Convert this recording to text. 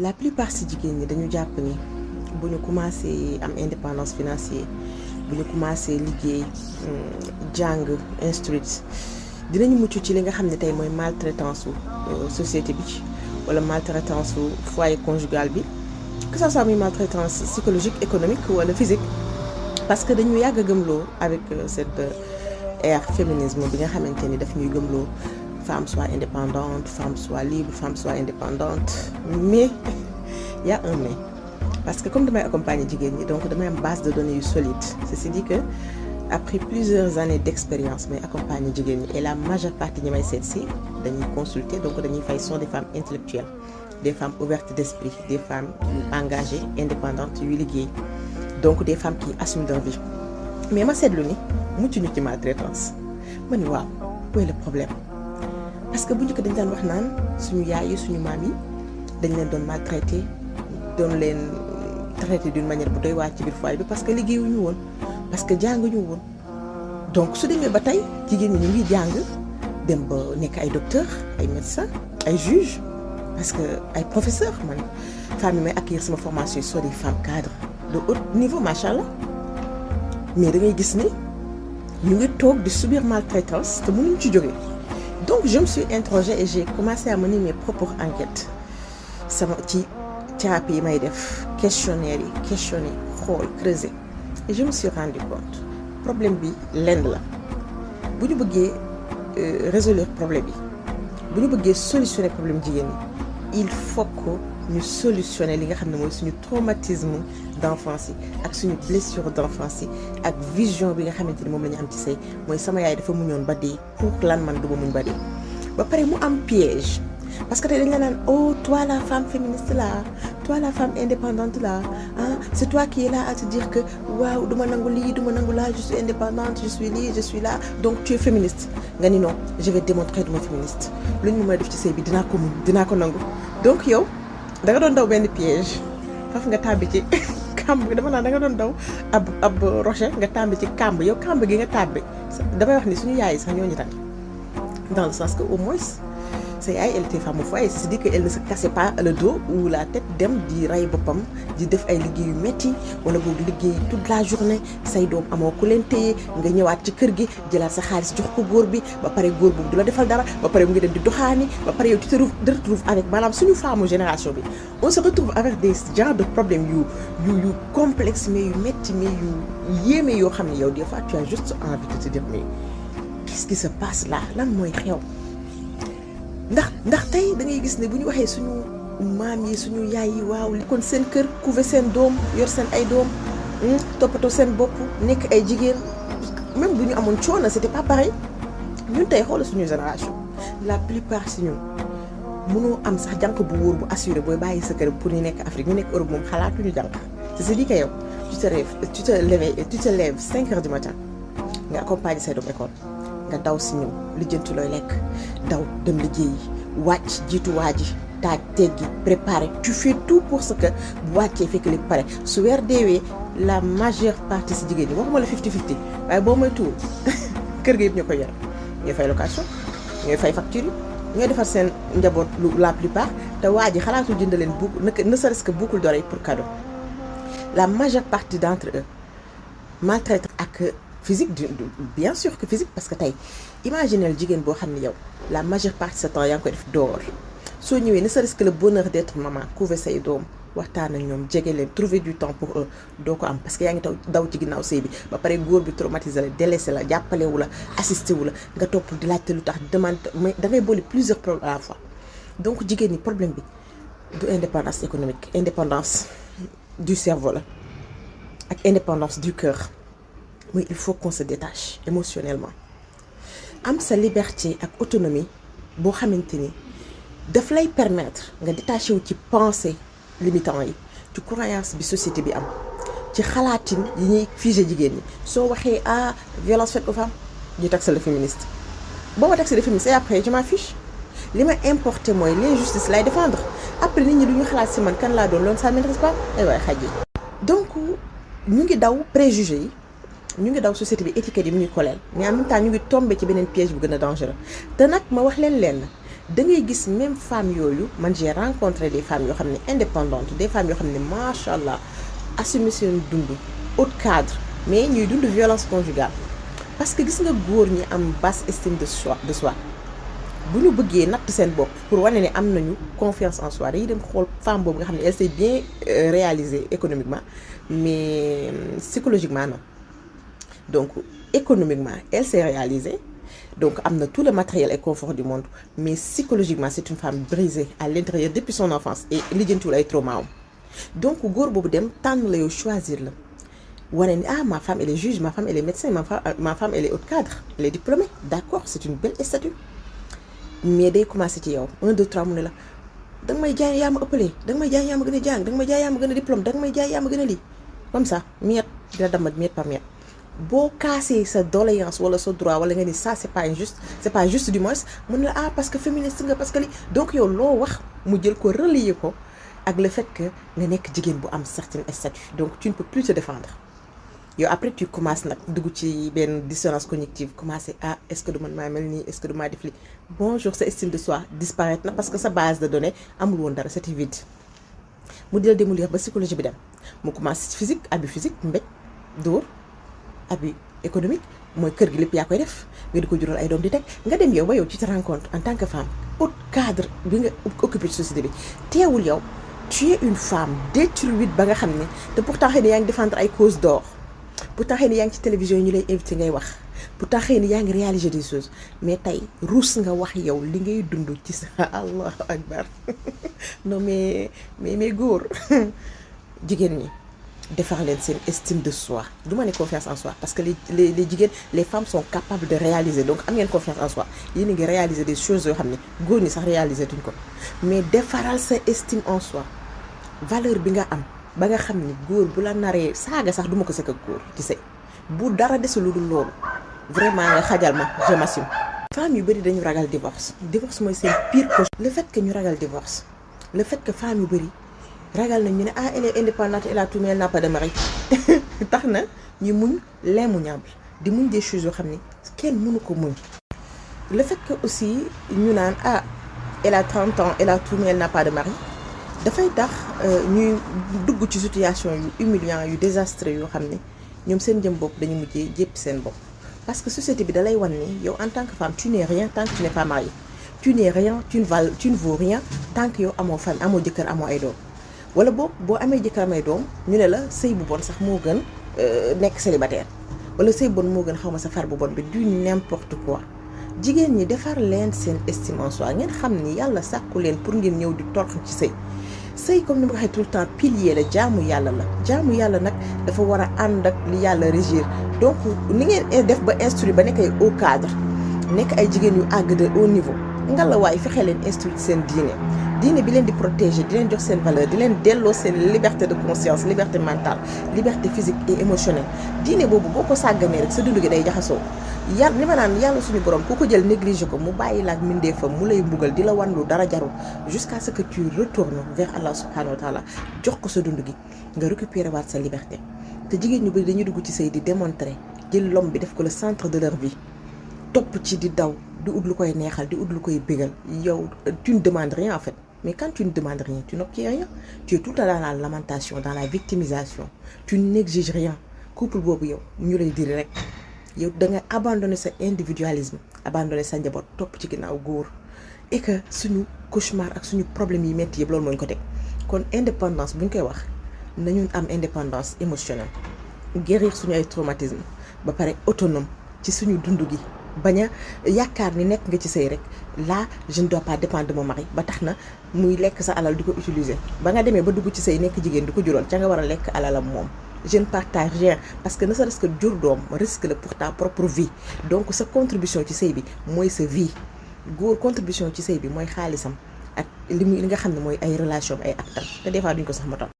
la plupart si jigéen ñi dañu jàpp ni bu ñu commencé am indépendance financière bu ñu commencé liggéey hmm, jàng instruite dinañu mucc ci li nga xam ne tey mooy maltraitance su euh, société bi wala maltraitance su foyer conjugal bi que ça soit muy maltraitance psychologique économique wala physique parce que dañu yàgg a gëmloo avec euh, cette euh, ère féminisme bi nga xamante ni daf ñuy gëmloo femme soit indépendante, femme soit libre, femme soit indépendante. Mais il y a Parce que comme demain accompagné Digeni, donc demain base de données solide. Ceci dit que après plusieurs années d'expérience, mais accompagné Digeni, et la majeure partie de mes celles-ci, de consulter, donc de sont des femmes intellectuelles, des femmes ouvertes d'esprit, des femmes engagées, indépendantes, huiliguées. Donc des femmes qui assument leur vie. Mais ma traitance. Mais wow, où est le parce que bu njëkk dañ daan wax naan suñu yaay yi suñu maam yi dañ leen doon maltraité doon leen traité d'une manière bu doy waar ci biir foyer bi parce que liggéeyuñu woon parce que jànguñu woon donc su demee ba tey jigéen ñi ñu ngi jàng dem ba nekk ay docteur ay médecin ay juge parce que ay professeur man femme yi may accueillir sama formation sont des femmes cadres de haut niveau macha allah mais da ngay gis ni ñu ngi toog di subir maltraitance te mënuñ ci jógee. donc je me suis interrogée et j'ai commencé à mener mes propres enquêtes sama ci caapi yi may def questionnaire yi questionner xool creuser et je me suis rendu compte problème bi lenn la bu ñu bëggee euh, résoudre problème yi bu ñu bëggee solutionner problème jigéen ñi il faut que ñu solutionner li nga xam ne mooy suñu traumatisme d'enfance yi ak suñu blessure vision bi nga xamante ni moom la am ci sëy mooy sama yaay dafa muñoon ba dee pour lan man du muñ ba dee ba pare mu am piège parce que tey dañ la naan oh, toi la femme féministe là toi la femme indépendante la ah c'est toi qui es là à te dire que waaw du nangu lii du ma nangu laa je suis indépendante je suis lii je suis là donc tu es féministe nga ni non je vais démontrer du féministe lu ñu mën a def ci sëy bi dinaa ko mun dinaa ko nangu kàmb gi dafa naan da doon daw ab ab rocher nga tàmbi ci kàmb yow kàmb gi nga tàbbi damay wax ni suñu yaay yi sax ñooñu tànn dans le sens que au moins. sa yaay elle était femme au foyer c'est-à-dire que pas le dos ou la tête dem di rey boppam di def ay liggéey yu metti wala boog liggéey toute la journée say doom amoo ku leen téye nga ñëwaat ci kër gi jëlaat sa xaalis jox ko góor bi ba pare góor boobu du la defal dara ba pare mu ngi dem di doxaani ba pare yow tu te retrouves avec maanaam suñu femme génération bi on se retrouve avec des genres de problèmes yu yu yu complexe mais yu metti mais yu yéeme yoo xam ne yow des fois tu as juste envie de te mooy xew ndax ndax tey da gis ne bu ñu waxee suñu maam yi suñu yaay yi waaw kon seen kër couver seen doom yor seen ay doom hmm, toppatoo seen bopp nekk ay jigéen même bu ñu amoon coono c'était pas pareil ñun tey xoolal suñu génération la plupart si ñun mënoo am sax jànq bu wóor bu assuré booy bàyyi sa kër pour ñu nekk Afrique ñu nekk Europe moom xalaatuñu jànq c'est-à-dire que yow tu te lèves tu te heures du matin nga accompagner say doom école. nga daw si ñëw lijjanti looy lekk daw dem liggéeyi wàcc jiitu waa ji taaj teggi préparer tu fais tout pour ce que bu wàccee fekk li su weer deewee la majeure partie si jigéen ñi waxuma la 50 50 waaye boo may tuur kër ga yëpp ñu koy yor ñooy fay location ñooy fay facture yi ñooy defar seen njaboot lu la plupart te waa ji xalaatu jënd leen bu ne serait-ce que boucle d'oreille pour cadeau la majeure partie d'entre eux maltraite ak. physique du bien sûr que physique parce que tey imaginel jigéen boo xam ne yow la majeure partie sa temps yaa ngi koy def dehors soo ñëwee ne serait-ce que le bonheur d'être maman couvrir say doom waxtaan a ñoom jege leen trouver du temps pour doo ko am parce que yaa ngi taw daw ci ginnaaw sëy bi ba pare góor bi traumatisé la délaissé la jàppalewu la assisté wu la nga topp di laajte lu tax demande mais dangay boole plusieurs problèmes à la fois donc jigéen ñi problème bi du indépendance économique indépendance du cerveau la ak du cœur mais il faut qu'on se détache émotionnellement am sa liberté ak autonomie boo xamante ni daf lay permettre nga détaché wu ci pensée limitant yi ci croyance bi société bi am ci xalaatin yi ñuy figé jigéen ñi soo waxee ah violence faite aux femmes ñu taxe la féministe boo ma taxe la féministe et après je m'en fiche li ma importé mooy l'injustice lay défendre après nit ñi du ñu xalaat si man kan laa doon loolu ça m'intéresse pas ay waay xaj yi donc ñu ngi daw préjugé yi ñu ngi daw société bi étiquette yi mu ngi koleel mais en même temps ñu ngi tombé ci beneen piège bu gën a dangereux te nag ma wax leen leen da ngay gis même femmes yooyu man j'ai rencontré des femmes yoo xam ne indépendantes des femmes yoo xam ne macha allah assumé seen dund haut cadre mais ñuy dund violence conjugale parce que gis nga góor ñi am basse estime de soi de soi bu ñu bëggee natt seen bopp pour wane ne am nañu confiance en soi dañuy dem xool femme boobu nga xam ne elle s'est bien euh, réalisée économiquement mais euh, psychologiquement non donc économiquement elle s'est réalisée donc am na tout le matériel et confort du monde mais psychologiquement c'est une femme brisée à l'intérieur depuis son enfance et lijjantiwul ay trauma am donc góor boobu dem tànn la yow choisir la wane ni ah ma femme elle est juge ma femme elle est médecin ma femme ma haut cadre elle est d'accord c'est une belle statue mais day commencé ci yow un de trois mu la danga may jaay yaa ma ëppalee danga a jàng danga may jaay yaa ma a may a lii comme ça miette dina damat miette par boo kaasee sa doléance wala sa droit wala nga ni ça c'est pas injuste c'est pas juste du moins mën na ah parce que féministe nga parce que li donc yow loo wax mu jël ko relier ko ak le fait nga nekk jigéen bu am certain statut donc tu ne peux plus te défendre yow après tu commences nag dugg ci benn dissonance cognitive commencé ah est-ce que du man maa mel nii est-ce que du maa def li bonjour sa estime de soi disparaître na parce que sa base de données amul bi dem mu commencé physique abus physique mbéj dóor abi économique mooy kër gi lépp yaa koy def nga di ko jural ay doom di teg nga dem yow ba yow ci sa rencontre en tant que femme haut cadre bi nga occupé ci société bi teewul yow tu es une femme détruite ba nga xam ne te pourtant xëy na yaa ngi défendre ay cause d'or pourtant xëy na yaa ngi ci télévision yi ñu lay invité ngay wax pourtant xëy na yaa ngi réaliser des choses mais tey ruus nga wax yow li ngay dund ci sa allahu akbar no mais mais mais góor jigéen ñi defar leen seen estime de soi du ma ne confiance en soi parce que les les les jigéen les femmes sont capables de réaliser donc am ngeen confiance en soi yéen a ngi réaliser des choses yoo xam ne góor ñi sax réaliser tuñ ko mais defaral sa estime en soi valeur bi nga am ba nga xam ni góor bu la naree saaga sax duma ko sekk ak góor ci sëy bu dara desul lu dul loolu vraiment nga xajal ma je m'assume yu bëri dañu ragal divorce divorce mooy seen pire cauchemar le fait que ñu ragal divorce le ragal nañ ñu ne ah elle est indépendante elle a tout mais elle n'a pas de mari tax na ñu muñ l'immuable di muñ des choses yoo xam ne kenn mënu ko muñ le fekk aussi ñu naan ah elle a 30 ans elle a tout mais elle de mari dafay tax euh, ñuy dugg ci situation yu humiliant yu désastreux yoo xam ne ñoom seen jëm bopp dañu mujjee jéppi seen bopp parce que société bi da lay wan ni yow en tant que femme tu n'es rien tant que tu n'es pas mariée tu n'es rien tu ne rien tant yow amoo fan amoo jëkkër amoo ay doom wala boog boo amee jëkkër amee doom ñu ne la sëy bu bon sax moo gën euh, nekk célibataire wala sëy bon moo gën xaw ma sa far bu bon bi du n'importe quoi jigéen ñi defar leen seen estime en soi ngeen xam ni yàlla sàkku leen pour ngeen ñëw di torox ci sëy sëy comme ni ma ko waxee tout le temps pilier la jaamu yàlla la jaamu yàlla nag dafa war a ànd ak li yàlla régir donc ni ngeen def ba instruire ba nekk ay haut cadre nekk ay jigéen yu àgg de haut niveau ngalawaay fexe leen instruire seen diine diine bi leen di protéger di leen jox seen valeur di leen delloo seen liberté de conscience liberté mentale liberté physique et émotionnelle diine boobu boo ko sàgganee rek sa dund gi day jaxasoo yàlla ni ma naan yàlla suñu borom ku ko jël négligé ko mu bàyyi la ak mbindeefam mu lay mbugal di la wan lu dara jarul jusqu'à ce que tu retournes vers Allah subhanahu wa taala jox ko sa dund gi nga récupérer waat sa liberté te jigéen ñu bari dañuy dugg ci sëy di démontrer jël l'homme bi def ko le centre de leur vie topp ci di daw di ut lu koy neexal di ut lu koy bégal yow tu ne demandes Mais quand tu ne demandes rien, tu Tu es tout le la lamentation, dans la victimisation. Tu n'exiges rien. Couple boobu yow ñu lay diri rek yow da nga abandonné sa individualisme abandonné sa njaboot topp ci ginnaaw góor et que suñu cauchemar ak suñu problème yi métti yëpp loolu moo ko teg kon indépendance bu ñu koy wax nañu am indépendance émotionnelle guérir suñu ay traumatisme ba pare autonome ci suñu dund gi. bañ yaakaar ni nekk nga ci sëy rek là jeune ne dois pas dépendre de mon ba tax na muy lekk sa alal di ko utiliser ba nga demee ba dugg ci sëy nekk jigéen di ko jural ca nga war a lekk alalam moom je ne partage rien parce que na serait-ce jur doom risque la pour ta propre vie donc sa contribution ci sëy bi mooy sa vie góor contribution ci sëy bi mooy xaalisam ak li muy li nga xam ne mooy ay relation ay actam te des duñ ko sax matal